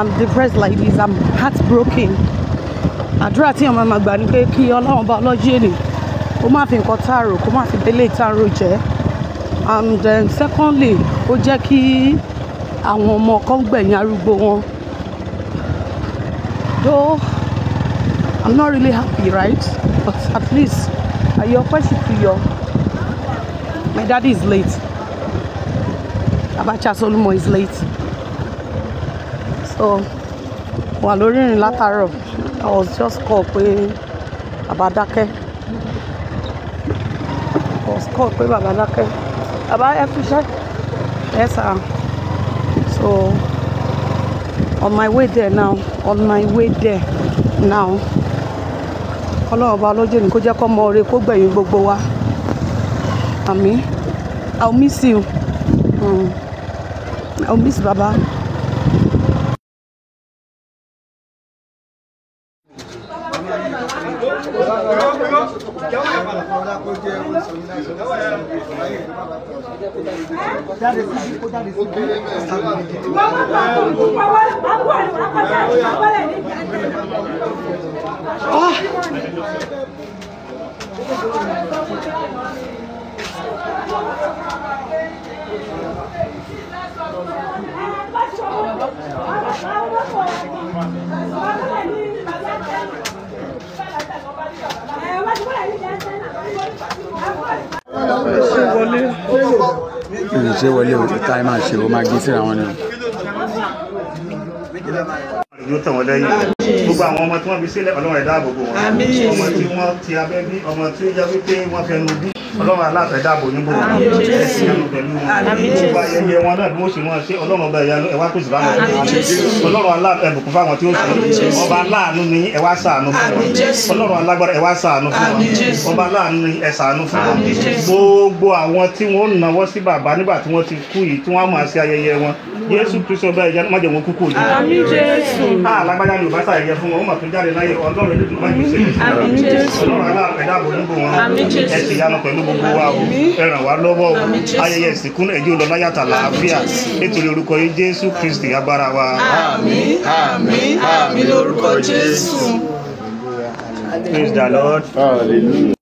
I'm depressed like this I'm heartbroken àdúrà tí àwọn máa gbà ni pé kí ọlọ́run bá ọlọ́jì èlé ó má fi nǹkan tààrò kó má fi délé ìtààrò jẹ́ and then secondly ó jẹ́ kí àwọn ọmọ kan gbẹ̀yìn arúgbó wọn though I'm not really happy right but at least ayọ̀pẹ́ sì fi yọ my daddy is late Abacha Solomon is late so wà lórí ìrìn látàárọ̀ I was just called pé bàbá dákẹ́ I was called pé bàbá dákẹ́ bàbá ẹ fi ṣẹ́ ẹ sà so on my way there now on my way there now ọlọ́run ọba ọlọ́jọ́ ni kó jẹ́ kó mọ oore kó gbẹ̀yìn gbogbo wa àmín I will miss you mm. I will miss baba. Jáde sí, kó jáde sí. ní ṣe wọlé o ìta ẹ máa ṣe o máa gé síra wọn ni o gbogbo àwọn ọmọ tí wọ́n fi sílẹ̀ ọlọ́run ẹ̀ dáàbò bò ọmọ tí wọ́n ti abẹ́ bí ọmọ tí ó jẹ́ wípé wọ́n fẹnu bí ọlọ́run aláàfẹ́ dáàbò yín bò wọ́n ẹ̀sìn ẹnu pẹ̀lú gbogbo ayẹyẹ wọn náà bí wọ́n ṣe wọ́n ṣe ọlọ́run ọba ìyá ẹ̀wá kò sì bá wọn ọlọ́run aláàfẹ́ bùkún fáwọn tí ó sì ọba aláàánú ni ẹ̀wá ṣàánú fún wọn ọlọ́run alágbára ẹ̀wá ṣàánú fún wọn ọba aláàánú ni ẹ̀ ṣàánú fún wọn gbogbo àwọn tí wọ́n náwó sí bàbá nígbà tí wọ́n ti kú yìí tí wọ́n á máa ṣe ayẹyẹ ìyẹ fún wọn ó mà tún jáde láyé ọlọ́run ilé ìdúgbà yìí ṣe ọlọ́run aláàpẹ̀dá àbòrúgbò wọn ẹ̀sìn ìyanu pẹ̀lú gbogbo wa o ẹ ràn wá lọ́wọ́ o ayẹyẹ ìsìnkú náà ẹjọ́ lọ láyàtà làáfíà nítorí orúkọ yìí jésù kristi agbára wa. àmín àmín àmín lórúkọ jésù. praise the lord. hallelujah.